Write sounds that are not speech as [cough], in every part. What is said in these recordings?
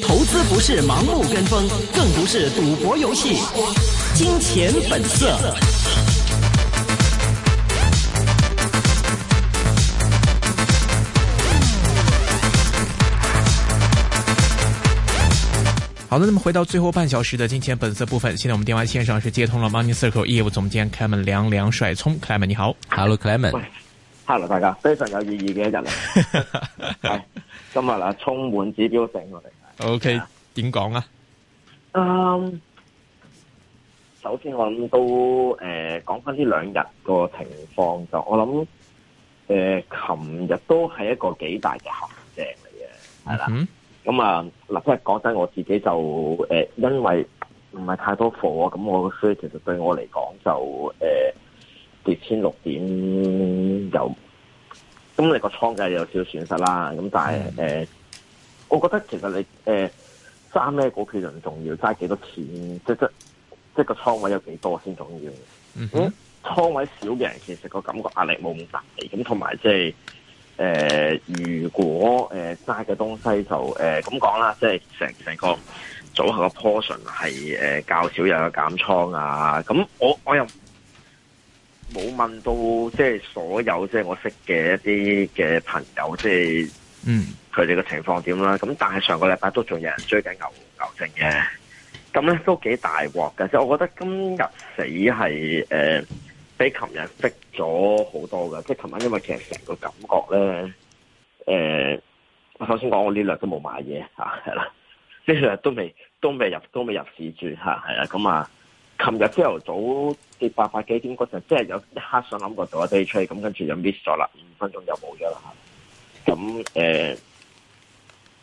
投資不是盲目跟風，更不是賭博遊戲。金錢本色。好的，那麼回到最後半小時的金錢本色部分，現在我們電話線上是接通了 Money Circle 業務總監 Clement 梁梁帥聰。Clement 你好，Hello Clement hello 大家，非常有意義嘅一日嚟，係、 [laughs] 哎、今日嗱充滿指標性我哋。O K 點講啊？啊、嗯，首先我諗都誒講翻呢兩日個情況就我想，我諗誒琴日都係一個幾大嘅行情嚟嘅，係啦。咁啊嗱，即係講真，我自己就誒、呃、因為唔係太多貨咁，我所以其實對我嚟講就誒、呃、跌千六點有。咁你個倉就有少損失啦，咁但係誒、嗯呃，我覺得其實你誒揸咩股票唔重要，揸幾多錢即即即個倉位有幾多先重要。咁、嗯哼嗯、倉位少嘅人其實個感覺壓力冇咁大，咁同埋即係誒，如果誒揸嘅東西就誒咁講啦，即係成成個組合嘅 portion 係誒較少有嘅減倉啊，咁我我又。冇問到，即、就、係、是、所有即係、就是、我識嘅一啲嘅朋友，即係嗯佢哋嘅情況點啦。咁但係上個禮拜都仲有人追緊牛牛證嘅，咁咧都幾大鑊㗎。即、就、係、是、我覺得今日死係誒、呃、比琴日跌咗好多噶。即係琴晚因為其實成個感覺咧誒、呃，我頭先講我呢兩日都冇買嘢嚇係啦，呢、啊、兩日都未都未入都未入市住嚇係啊咁啊。琴日朝頭早跌八百幾點嗰陣，即係有一刻想諗過做一 day trade，咁跟住就 miss 咗啦，五分鐘就冇咗啦。咁誒，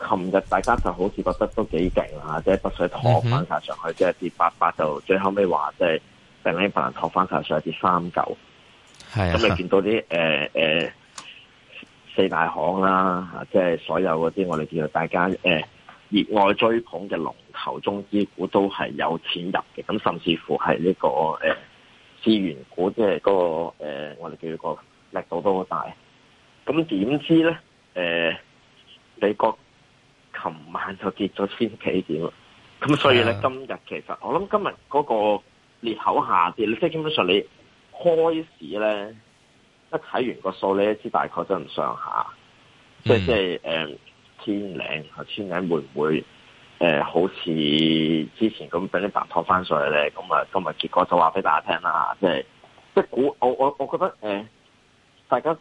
琴日大家就好似覺得都幾勁啦，即係不水托翻晒上去，即係跌八百就最後尾話，即係平平白能托翻晒上去跌三九。係咁是、啊、你見到啲誒誒四大行啦吓，即係所有嗰啲我哋見到大家誒。呃熱愛追捧嘅龍頭中資股都係有錢入嘅，咁甚至乎係呢、這個誒、呃、資源股就是、那個，即係嗰個我哋叫個力度都好大。咁點知咧？誒、呃，美國琴晚就跌咗千幾點，咁所以咧，Yeah. 今日其實我諗今日嗰個裂口下跌，即、就、係、是、基本上你開市咧，一睇完個數，你一知大概都係咁上下。即係即係誒。Mm. 嗯千零，千零會唔會誒、呃？好似之前咁俾你贊托翻上去咧，咁啊，今日結果就話俾大家聽啦，即係即係估我我我覺得誒、呃，大家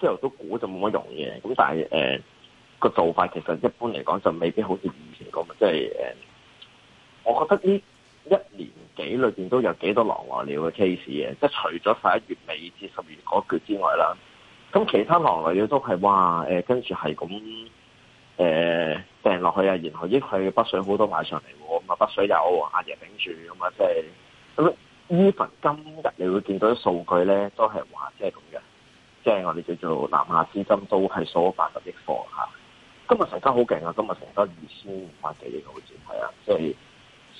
朝頭早都估就冇乜用嘅。咁但係誒個做法其實一般嚟講就未必好似以前咁，即係誒，我覺得呢一年幾裏面都有幾多狼來鳥嘅 case 嘅，即、就、係、是、除咗十一月尾至十二月嗰橛之外啦，咁其他狼來鳥都係哇跟住係咁。呃誒，掟落、呃、去啊，然後益佢北水好多買上嚟，咁啊北水有阿爺頂住，咁、嗯、啊即係咁。依份今日你會見到啲數據咧，都係話即係咁嘅，即係我哋叫做南下資金都係掃八十億貨吓。今日成交好勁啊，今日成交二千五百幾億好似係啊，即係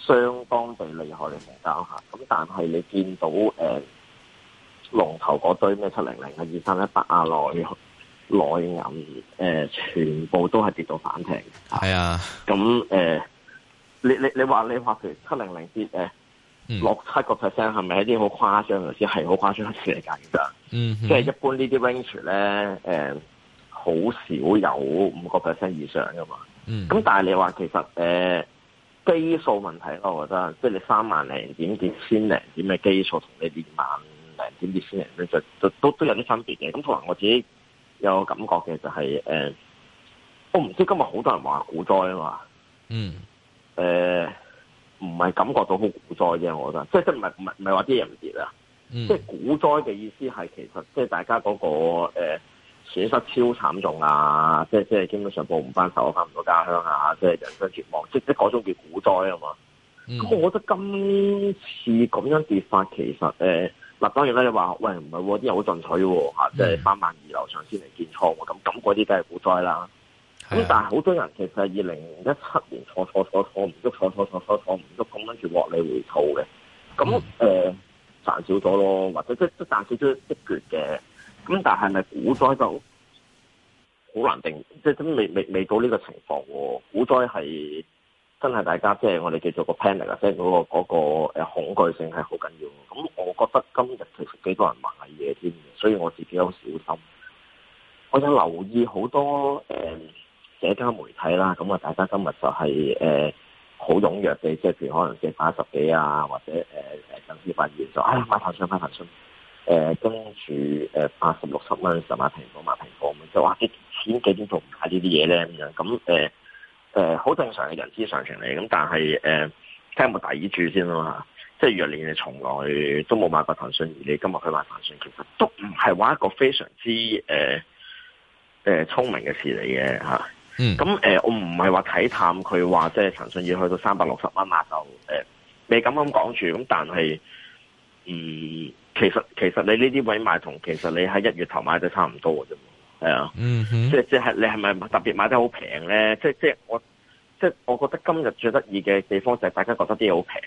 相當地厲害嚟成交吓。咁但係你見到誒、呃、龍頭嗰堆咩七零零啊二三一八啊內。內銀誒，全部都係跌到反艇。係啊、哎呀 嗯，咁誒、呃，你你你話你話，譬如七零零跌誒六七個 percent，係咪一啲好誇張？頭先係好誇張嘅市嚟噶？嗯，即係一般呢啲 range 咧、呃，誒，好少有五個 percent 以上噶嘛。咁、嗯嗯、但係你話其實誒、呃、基數問題咯，我覺得即係你三萬零點跌千零點嘅基數，同你二萬零點跌千零咧，就就，就，就都都有啲分別嘅。咁同埋我自己。有個感覺嘅就係誒，我唔知今日好多人話股災啊嘛。嗯。誒，唔係、嗯嗯、感覺到好股災啫，我覺得，即係即係唔係唔係唔係話啲人跌啊。即係股、嗯、災嘅意思係其實即係大家嗰、嗰個誒、呃、損失超慘重啊！即係即係基本上報唔翻仇，返唔到家鄉啊！即係人生絕望，即即係嗰種叫股災啊嘛。咁、嗯、我覺得今次咁樣跌法其實誒。呃嗱，當然咧，你話喂唔係喎，啲人好進取喎、嗯、即係三萬二樓上先嚟建倉喎，咁咁嗰啲梗係股災啦。咁的但係好多人其實二零一七年錯錯錯錯唔喐錯錯錯錯錯唔喐，咁跟住獲利回吐嘅，咁誒、嗯呃、賺少咗咯，或者即即賺少咗一橛嘅。咁但係咪股災就好難定？即係都未未未到呢個情況喎，股災係。真係大家即係我哋叫做個 panic，即係嗰個嗰個恐懼性係好緊要。咁我覺得今日其實幾多人買嘢添，所以我自己好小心。我想留意好多誒社交媒體啦，咁啊大家今日就係誒好踴躍嘅，即係譬如可能即係八十幾啊，或者誒誒甚至發現就哎呀買騰訊買騰訊，誒跟住誒八十六十蚊十萬蘋果買蘋果咁，就話幾錢幾點做唔買呢啲嘢咧咁誒？誒，好、呃、正常嘅人之常情嚟，咁但係誒、呃，聽我大耳先啦嘛，即係若然你從來都冇買過騰訊，而你今日去買騰訊，其實都唔係玩一個非常之誒誒聰明嘅事嚟嘅吓。咁、啊、誒、嗯嗯，我唔係話睇淡佢話即係騰訊要去到三百六十蚊嘛，就誒未敢咁講住。咁但係，嗯，其實其實你呢啲位買同，其實你喺一月頭買都差唔多嘅啫。係啊，mm hmm. 即係即係你係咪特別買得好平咧？即係即係我即係我覺得今日最得意嘅地方就係大家覺得啲嘢好平。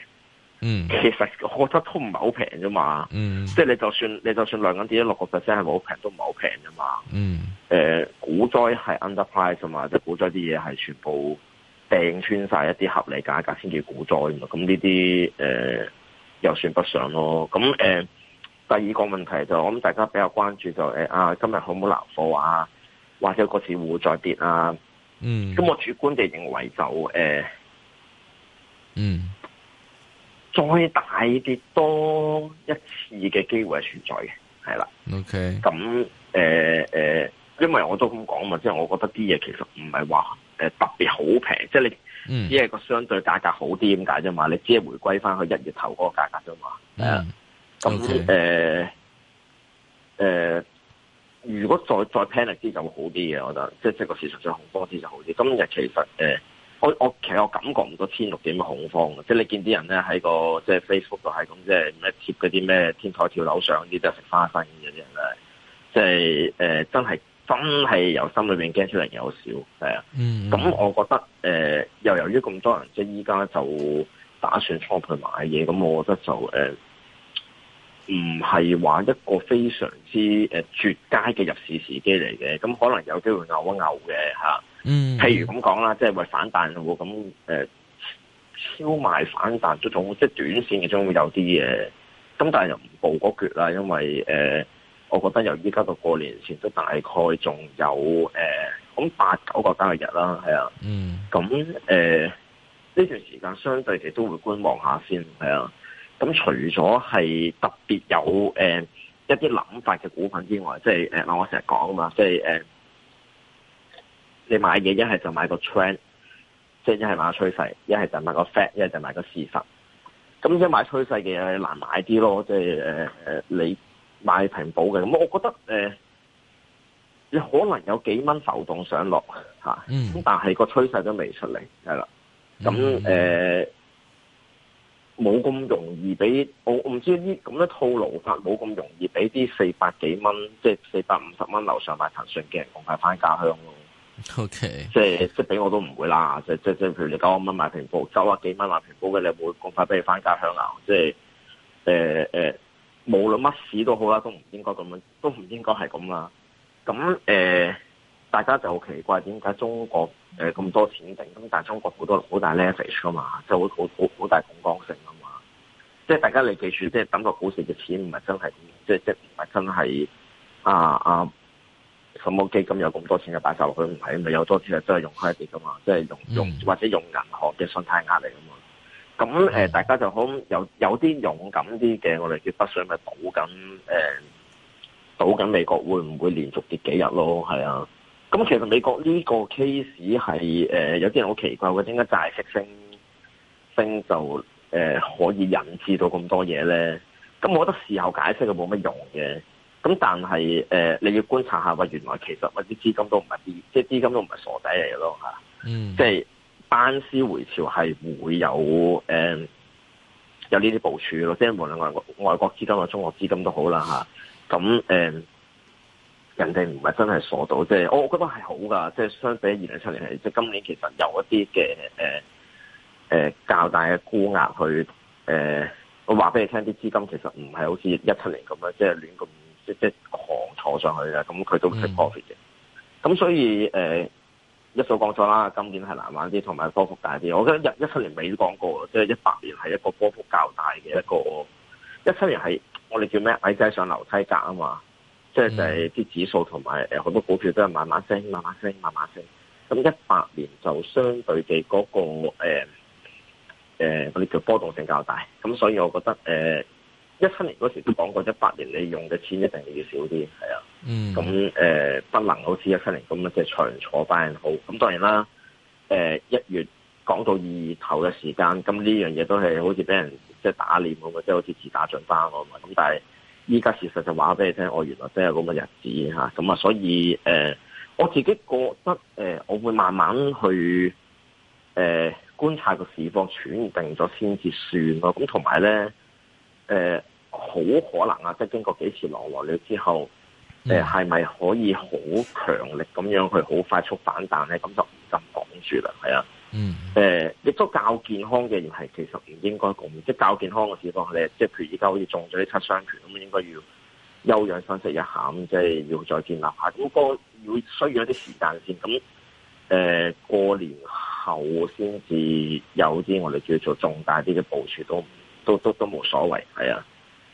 嗯、mm，hmm. 其實我覺得都唔係好平啫嘛。嗯、mm，hmm. 即係你就算你就算兩蚊跌咗六個 percent 係咪好平？都唔係好平噶嘛嗯、mm，誒、hmm. 呃，股災係 underprice 啊嘛，即係股災啲嘢係全部掟穿晒一啲合理價格先叫股災噶嘛咁呢啲誒，又、呃、算不上咯。咁誒。呃第二個問題就，我諗大家比較關注就，誒啊，今日好唔好留貨啊，或者個市會唔會再跌啊？嗯，咁我主觀地認為就，誒、呃，嗯，再大跌多一次嘅機會係存在嘅，係啦。OK，咁誒誒，因為我都咁講嘛，即、就、係、係、我覺得啲嘢其實唔係話誒特別好平，即係你只係、嗯、個相對價格好啲咁解啫嘛，你只係回歸翻去一月頭嗰個價格啫嘛。係啊、嗯。咁誒誒，如果再再 panic 啲就好啲嘅，我覺得，即係即係個事實上恐慌啲就好啲。今日其實誒、呃，我我其實我感覺唔到千六點嘅恐慌，即係你見啲人咧喺個即係 Facebook 度係咁，即係咩貼嗰啲咩天台跳樓上嗰啲，都係食花生嗰啲人咧，即係誒、呃、真係真係由心裏邊驚出嚟有少係啊。咁、mm. 我覺得誒、呃，又由於咁多人即係依家就打算倉盤買嘢，咁我覺得就誒。呃唔係話一個非常之誒絕佳嘅入市時機嚟嘅，咁可能有機會拗一拗嘅嚇。嗯、mm，hmm. 譬如咁講啦，即係為反彈咁誒超賣反彈嗰種，即係短線嘅將會有啲嘢。咁但係又唔報嗰橛啦，因為誒，我覺得由依家到過年前都大概仲有誒，咁八九個交易日啦，係啊。嗯、mm。咁誒呢段時間，相對地都會觀望下先，係啊。咁除咗係特別有誒、呃、一啲諗法嘅股份之外，即係誒、呃，我成日講啊嘛，即係誒、呃，你買嘢一係就買個 trend，即係一係買個趨勢，一係就買個 fact，一係就買個事實。咁即係買趨勢嘅嘢難買啲咯，即係誒、呃、你買平保嘅咁，我覺得誒、呃，你可能有幾蚊浮動上落、啊嗯、但係個趨勢都未出嚟，係啦，咁誒。嗯嗯呃冇咁容易俾我，我唔知呢，咁嘅套路法冇咁容易俾啲四百幾蚊，即係四百五十蚊樓上買騰訊嘅人，咁快翻家鄉咯。OK，即係即俾我都唔會啦。即即即譬如你九啊蚊買平保，九啊幾蚊買平保嘅，你冇咁快俾你翻家鄉啊？即係誒誒，無論乜屎都好啦，都唔應該咁樣，都唔應該係咁啦。咁誒、呃，大家就好奇怪，點解中國呃咁多錢定，咁但係中國好多好大 leverage 噶嘛，就係好好大槓桿性咁。即係大家你記住，即係等個股市嘅錢唔係真係，即係即係唔係真係啊啊什麼基金有咁多錢就擺晒落去，唔係咪有多錢嘅真係用開啲噶嘛？即係用用或者用銀行嘅信貸壓力啊嘛。咁、呃、大家就好有有啲勇敢啲嘅，我哋叫北水咪倒緊誒，賭、欸、緊美國會唔會連續跌幾日咯？係啊。咁其實美國呢個 case 係誒、呃、有啲人好奇怪，點解債息升升就？誒、呃、可以引致到咁多嘢咧，咁我覺得事後解釋佢冇乜用嘅。咁但係誒、呃，你要觀察下，喂、呃，原來其實啲資金都唔係啲，即係資金都唔係傻仔嚟嘅咯嚇。即係、嗯、班師回朝係會有誒、呃，有呢啲部署咯。即係無論外，外國資金或中國資金都好啦嚇，咁誒，人哋唔係真係傻到，即係我覺得係好㗎。即係相比二零七年嚟，即係今年其實有一啲嘅誒。呃誒、呃，較大嘅沽壓去，誒、呃，我話俾你聽，啲資金其實唔係好似一七年咁樣，即係亂咁，即即狂坐上去嘅，咁佢都識 profit 嘅。咁、嗯、所以，誒、呃，一早講咗啦，今年係難玩啲，同埋波幅大啲。我覺得一七年尾都講過即係、就是、一八年係一個波幅較大嘅一個，一七年係我哋叫咩？矮仔上樓梯格啊嘛，即係啲指數同埋誒好多股票都係慢慢升、慢慢升、慢慢升。咁一八年就相對嘅嗰、那個、呃誒，嗰啲、呃、叫波動性較大，咁所以我覺得，誒、呃，一七年嗰時都講過，一八年你用嘅錢一定要少啲，係啊，咁誒、mm hmm. 呃，不能好似一七年咁樣即係、就是、長坐班好，咁當然啦，誒、呃，一月講到二月頭嘅時間，咁呢樣嘢都係好似俾人即係、就是、打臉咁嘅，即、就、係、是、好似自打嘴巴咁啊，咁但係依家事實就話俾你聽，我原來真係有咁嘅日子吓，咁啊，所以誒、呃，我自己覺得誒、呃，我會慢慢去誒。呃觀察個市況喘定咗先至算咯，咁同埋咧，誒、呃、好可能啊，即係經過幾次狼來了之後，誒係咪可以好強力咁樣去好快速反彈咧？咁就唔敢講住啦，係啊，嗯，誒亦、呃、都較健康嘅係其實唔應該咁，即係較健康嘅市況咧，即譬如而家好似中咗啲七傷拳，咁應該要休養生息一下，咁即係要再建立一下，咁、那個要需要一啲時間先，咁誒、呃、過年後先至有啲我哋叫做重大啲嘅部署都，都都都都冇所謂，係啊。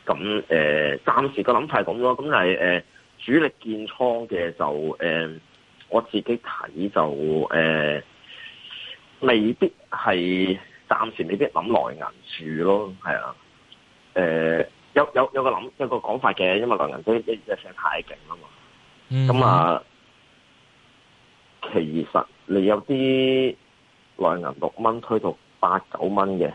咁、嗯、誒，暫時個諗法係咁咯。咁係誒，主力建倉嘅就誒、嗯，我自己睇就誒、嗯，未必係暫時未必諗來銀住咯，係啊。誒、嗯，有有有個諗有個講法嘅，因為來銀都一日成太勁啊嘛。咁啊、嗯，其實你有啲。內銀六蚊推到八九蚊嘅，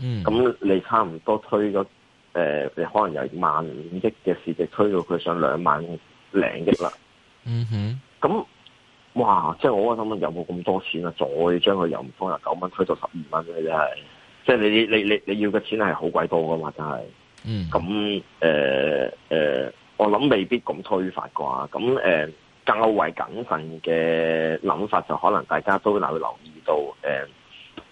咁、嗯、你差唔多推咗，誒、呃，你可能由萬億嘅市值推到佢上兩萬零億啦。嗯哼，咁，哇！即係我諗，有冇咁多錢啊？再將佢由五蚊九蚊推到十二蚊嘅，真係，即係你你你你要嘅錢係好鬼多㗎嘛，真係。嗯，咁誒、呃呃、我諗未必咁推法啩。咁誒。呃較為謹慎嘅諗法，就可能大家都留留意到，誒、欸，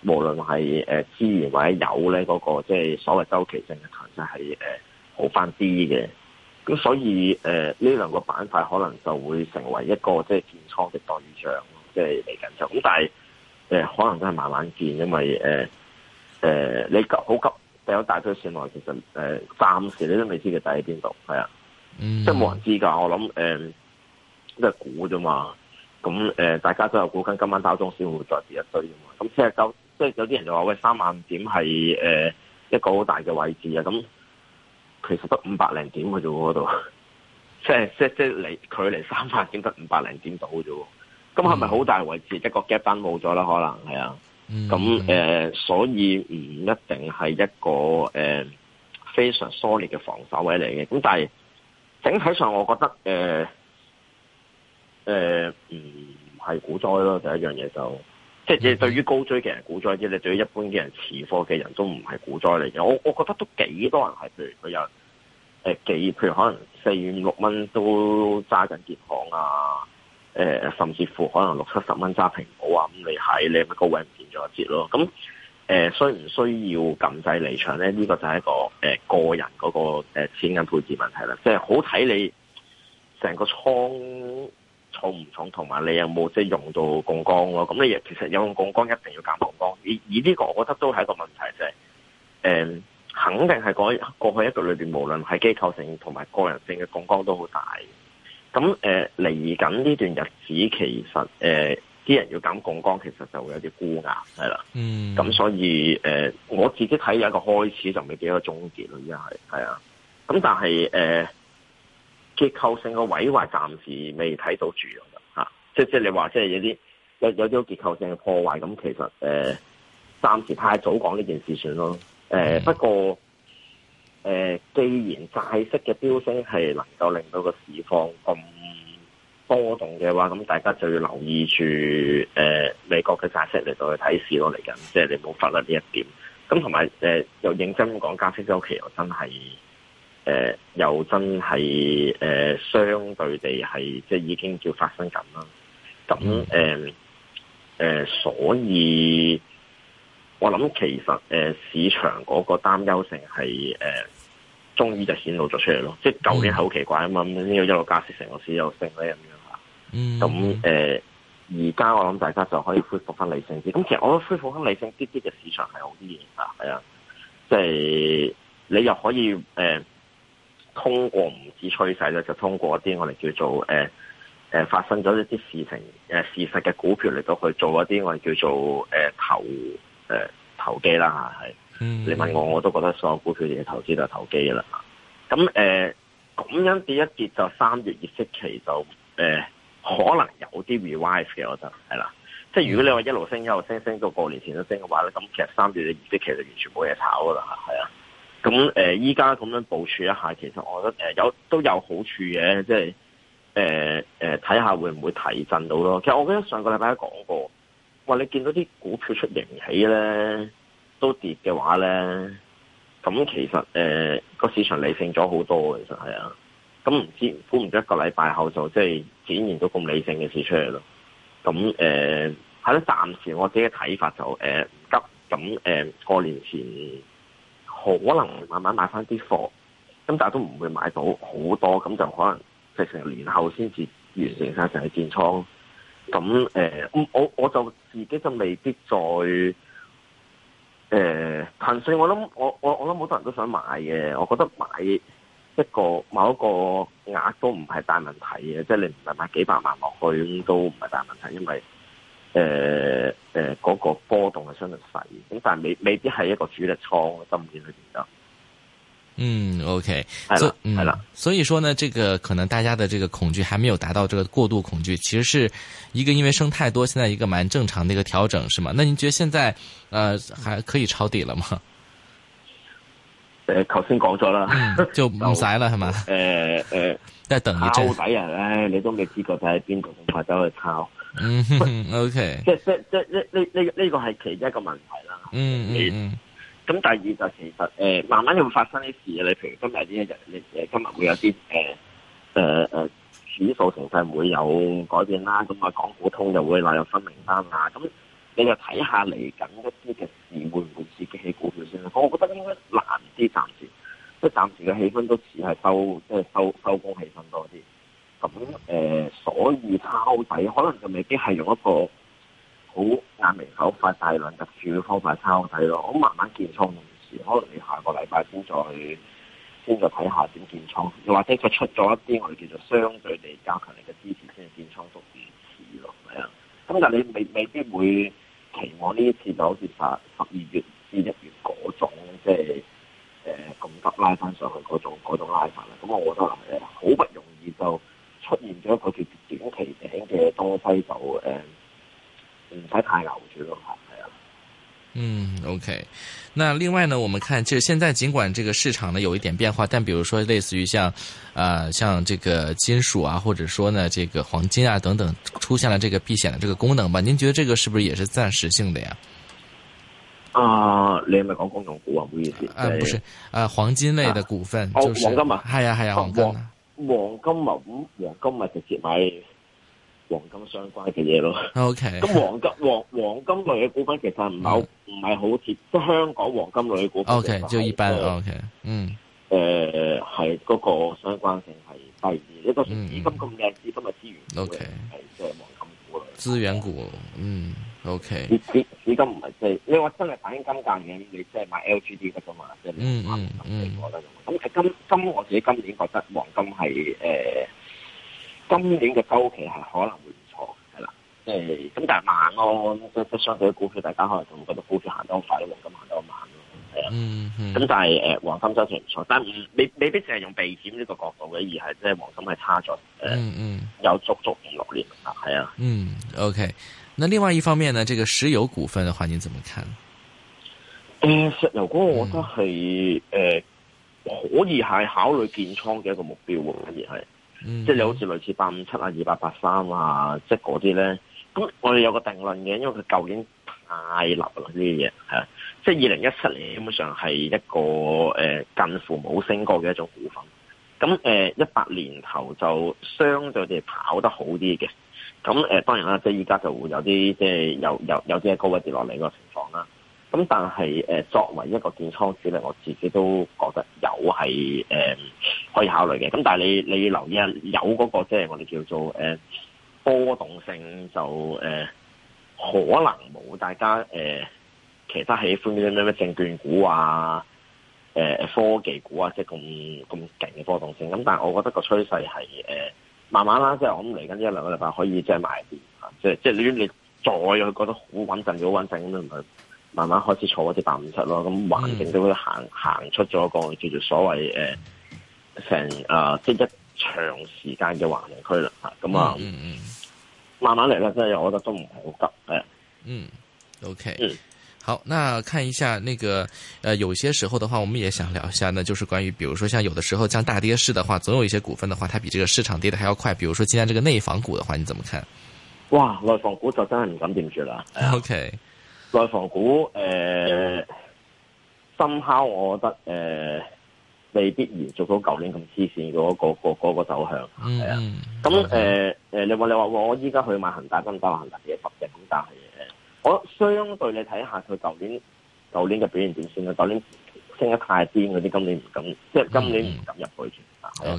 無論係誒資源或者油咧，嗰、那個即係所謂周期性嘅彈性係誒好翻啲嘅。咁所以誒呢、呃、兩個板塊可能就會成為一個即係建倉嘅對象，即係嚟緊就咁，但係誒、呃、可能都係慢慢建，因為誒誒、呃呃、你好急比較大嘅線內，其實誒、呃、暫時你都未知佢底喺邊度，係啊，mm hmm. 即係冇人知㗎。我諗誒。呃即係估啫嘛，咁誒、呃，大家都有估緊今晚打中，先會再跌一堆噶嘛。咁即係有，即係有啲人就話喂，三萬點係誒、呃、一個好大嘅位置啊。咁其實得五百零點嘅啫，嗰度，即係即即離距離三萬點得五百零點到啫。咁係咪好大位置？嗯、一個 gap down 冇咗啦，可能係啊。咁誒，所以唔一定係一個誒、呃、非常 solid 嘅防守位嚟嘅。咁但係整體上，我覺得誒。呃誒，唔係、呃嗯、股災咯，第一樣嘢就，即係對於高追嘅人股災啫，你對於一般嘅人持貨嘅人都唔係股災嚟嘅。我我覺得都幾多人係，譬如佢有誒、呃、幾，譬如可能四、五、六蚊都揸緊建行啊，誒、呃，甚至乎可能六、七十蚊揸蘋果啊，咁、嗯、你喺你咁高位唔見咗一折咯。咁、嗯、誒、呃，需唔需要禁制離場咧？呢、這個就係一個誒、呃、個人嗰、那個誒資金、呃、配置問題啦，即、就、係、是、好睇你成個倉。好唔重，同埋你有冇即係用到槓桿咯？咁你其實有用槓桿一定要減槓桿，而而呢個我覺得都係一個問題，就係、是、誒、嗯，肯定係過過去一個裏邊，無論係機構性同埋個人性嘅槓桿都好大。咁誒，嚟緊呢段日子，其實誒啲、呃、人要減槓桿，其實就會有啲沽壓係啦。嗯，咁所以誒、呃，我自己睇有一個開始，就未幾個終結啦。而家係係啊，咁但係誒。呃結構性嘅毀壞暫時未睇到住㗎嚇、啊，即即你話即係有啲有有啲結構性嘅破壞，咁，其實誒、呃、暫時太早講呢件事算咯。誒、呃、不過誒、呃，既然債息嘅飆升係能夠令到個市況咁波動嘅話，咁大家就要留意住誒、呃、美國嘅債息嚟到去睇市咯嚟緊，即係你冇忽略呢一點。咁同埋誒又認真咁講加息週期，又真係～誒、呃，又真係誒、呃，相對地係即係已經叫發生緊啦。咁誒誒，所以我諗其實誒、呃，市場嗰個擔憂性係誒，終、呃、於就顯露咗出嚟咯。即係舊年係好奇怪啊嘛，呢樣一路加息成個市又升咧咁樣吓。咁誒、嗯、而、嗯、家、嗯呃、我諗大家就可以恢復翻理性啲。咁其實我覺得，恢復翻理性啲啲嘅市場係好啲嘅吓，係啊，即係你又可以誒。呃通過唔止趨勢咧，就通過一啲我哋叫做誒誒、呃呃、發生咗一啲事情誒、呃、事實嘅股票嚟到去做一啲我哋叫做誒、呃、投誒、呃、投機啦嚇係。是嗯、你問我我都覺得所有股票嘅投資就係投機啦。咁誒咁樣一跌一跌就三月議息期就誒、呃、可能有啲 revise 嘅，我覺得係啦。即係、嗯、如果你話一路升一路升升到過年前都升嘅話咧，咁其實三月議息期就完全冇嘢炒噶啦嚇係啊。咁誒，依家咁樣部署一下，其實我覺得有、呃、都有好處嘅，即係誒睇下會唔會提振到咯。其實我記得上個禮拜一講過，哇！你見到啲股票出營起咧，都跌嘅話咧，咁其實誒個、呃、市場理性咗好多其實係啊。咁唔知估唔到一個禮拜後就即係展現到咁理性嘅事出嚟咯。咁誒，係、呃、暫時我自己嘅睇法就誒唔急，咁、呃、誒、呃、過年前。可能慢慢買翻啲貨，咁但係都唔會買到好多，咁就可能直成年後先至完成晒，成個建倉。咁誒、呃，我我就自己就未必再誒騰訊，我諗我我我諗好多人都想買嘅，我覺得買一個某一個額都唔係大問題嘅，即係你唔係買幾百萬落去都唔係大問題，因為。誒誒，嗰、呃呃那個波動係相對細，咁但係未未必係一個主力倉今年去到。嗯，OK，係啦，的所以說呢，這個可能大家的這個恐懼還沒有達到這個過度恐懼，其實是一個因為升太多，現在一個蠻正常的一個調整，是嗎？那你覺得現在，呃，還可以抄底了嗎？誒、呃，頭先講咗啦，就唔使啦，係嘛？誒誒，但係等於抄底人咧，你都未知邊個走去抄。嗯 [laughs] ，OK，即係即係即係呢呢呢個係其中一個問題啦。嗯嗯，咁 [noise] 第二就其實誒、呃，慢慢會發生啲事啊。你譬如今日呢日，你誒今日會有啲誒誒誒指數形態會有改變啦。咁啊，港股通就會納入分名單啊。咁你就睇下嚟緊一啲嘅事會唔會刺激起股票先啦。我覺得應該難啲暫時，即係暫時嘅氣氛都似係收即係、就是、收收工氣氛多啲。咁誒、嗯呃，所以抄底可能就未必係用一個好眼明手快、大量特殊嘅方法抄底咯。咁慢慢建倉同時，可能你下個禮拜先再去，先再睇下點建倉，又或者佢出咗一啲我哋叫做相對嚟加強力嘅支持先建倉做短線咯，係啊。咁、嗯、但係你未未必會期望呢一次就好似十十二月、一月嗰種，即係誒咁急拉翻上去嗰種嗰種拉法啦。咁、嗯、我覺得誒，好不容易就～出現咗一個叫短期頂嘅東西，就誒唔使太牛住咯，係啊。嗯，嗯，OK。那另外呢，我們看就現在，儘管這個市場呢有一點變化，但比如說，類似於像啊、呃，像這個金屬啊，或者說呢，這個黃金啊等等，出現了這個避險的這個功能吧？您覺得這個是不是也是暫時性的呀、啊？啊，你係咪講公用股啊？唔好意思，誒、就是啊，不是，啊，黃金類的股份，就是。啊哦、黃金啊，係啊，係、啊、黃金、啊。黃金啊黃金啊，咁黃金咪直接買黃金相關嘅嘢咯。O K，咁黃金黃黃金類嘅股份其實唔係好唔係好似，即係香港黃金類嘅股份。O K，就一般。O K，嗯，誒，係嗰個相關性係第二，一個資金咁靚，資金咪資源嘅，係即係黃金股咯。資源股，嗯。O K，你你你今唔係即係，你話真係反映金價嘅，你即係買 L G D 嘅嘛，即係你買咁呢個咁誒，今今我自己今年覺得黃金係誒、呃，今年嘅周期係可能會唔錯，係啦。即係咁，但係晚安即即相對啲股票，大家可能仲覺得股票行得快行得、嗯嗯，黃金行得慢係啊。咁但係誒，黃金周期唔錯，但未未必淨係用避險呢個角度嘅，而係即係黃金係差咗。誒、嗯，嗯有足足六年係啊。嗯，O K。Okay. 那另外一方面呢，這個石油股份的話，你怎麼看？誒、嗯，石油股我覺得係誒、呃、可以係考慮建倉嘅一個目標喎，反而係、就是，嗯、即係你好似類似八五七啊、二八八三啊，即係嗰啲呢。咁我哋有個定論嘅，因為佢究竟太流啦呢啲嘢，係、啊，即係二零一七年基本上係一個誒、呃、近乎冇升過嘅一種股份，咁誒一八年頭就相對地跑得好啲嘅。咁誒、呃，當然啦、啊，即係依家就會有啲即係有有有啲係高位跌落嚟個情況啦。咁但係、呃、作為一個建倉主力，我自己都覺得有係誒、呃、可以考慮嘅。咁但係你你要留意一下，有嗰、那個即係我哋叫做誒、呃、波動性就誒、呃、可能冇大家誒、呃、其他喜歡啲咩咩證券股啊、誒、呃、科技股啊，即係咁咁勁嘅波動性。咁但係我覺得個趨勢係誒、呃慢慢啦，即係我諗嚟緊呢一兩個禮拜可以即係買啲，即係即係你你再去覺得好穩陣，好穩陣咁樣慢慢開始坐嗰啲百五七咯，咁環境都會行行出咗個叫做所謂誒成即係一長時間嘅橫行區啦，吓咁啊，嗯嗯，慢慢嚟啦，即係我覺得都唔係好急嘅，嗯，OK，嗯。Okay. 嗯好，那看一下那個，呃，有些時候的話，我們也想聊一下呢，呢就是關於，比如說，像有的時候像大跌市的話，總有一些股份的話，它比這個市場跌得還要快，比如說今天這個內房股的話，你怎麼看？哇，內房股就真係唔敢掂住啦。O Okay . K、啊、內房股，誒、呃，深敲我覺得，誒、呃，未必延續到舊年咁黐線嗰個、那個嗰、那個走向。嗯。咁、啊，誒，誒 okay.、呃，你話你話，我依家去買恆大，跟唔跟埋恆大嘅？相對你睇下佢舊年舊年嘅表現點算啦，舊年升得太癲嗰啲，今年唔敢，即係今年唔敢入去。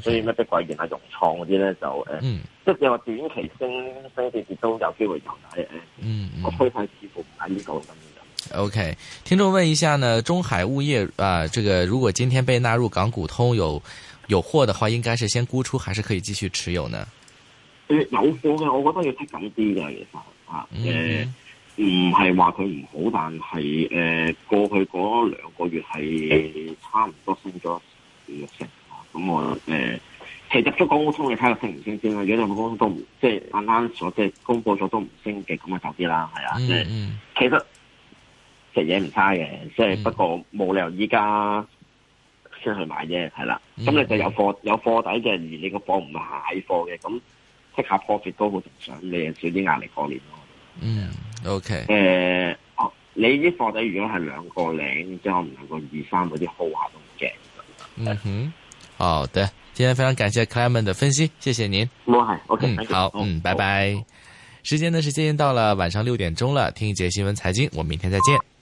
所以乜即係碧桂園啊、融創嗰啲咧，就誒，呃、嗯、即係你話短期升升跌跌都有機會游底嘅。個趨勢似乎唔喺呢度咁樣。O、okay, K，聽眾問一下呢，中海物業啊，這個如果今天被納入港股通有，有有貨的話，應該是先沽出，還是可以繼續持有呢？誒、嗯，有貨嘅，我覺得要睇緊啲嘅，其實啊誒。唔係話佢唔好，但係誒、呃、過去嗰兩個月係差唔多升咗四 p 咁我誒、呃、其實都港通你睇下升唔升先啦。如果你港股通唔即係啱啱所即係公布咗都唔升嘅咁嘅就啲啦，係啊，即係的的其實食嘢唔差嘅，即係不,的的不過冇理由依家先去買啫，係啦。咁的的你就有貨有貨底嘅，而你個股唔蟹貨嘅，咁即刻破 r 都好正常，你少啲壓力過年咯。嗯，OK，誒、呃哦，你啲貨底如果係兩個零，即係我唔兩個二三嗰啲 hold 都唔驚，嗯哼，好的，今天非常感謝 Clayman 的分析，謝謝您。冇係，OK，嗯、好，嗯，拜拜。時間呢是接近到了晚上六點鐘了，聽一節新聞財經，我們明天再見。 [noise]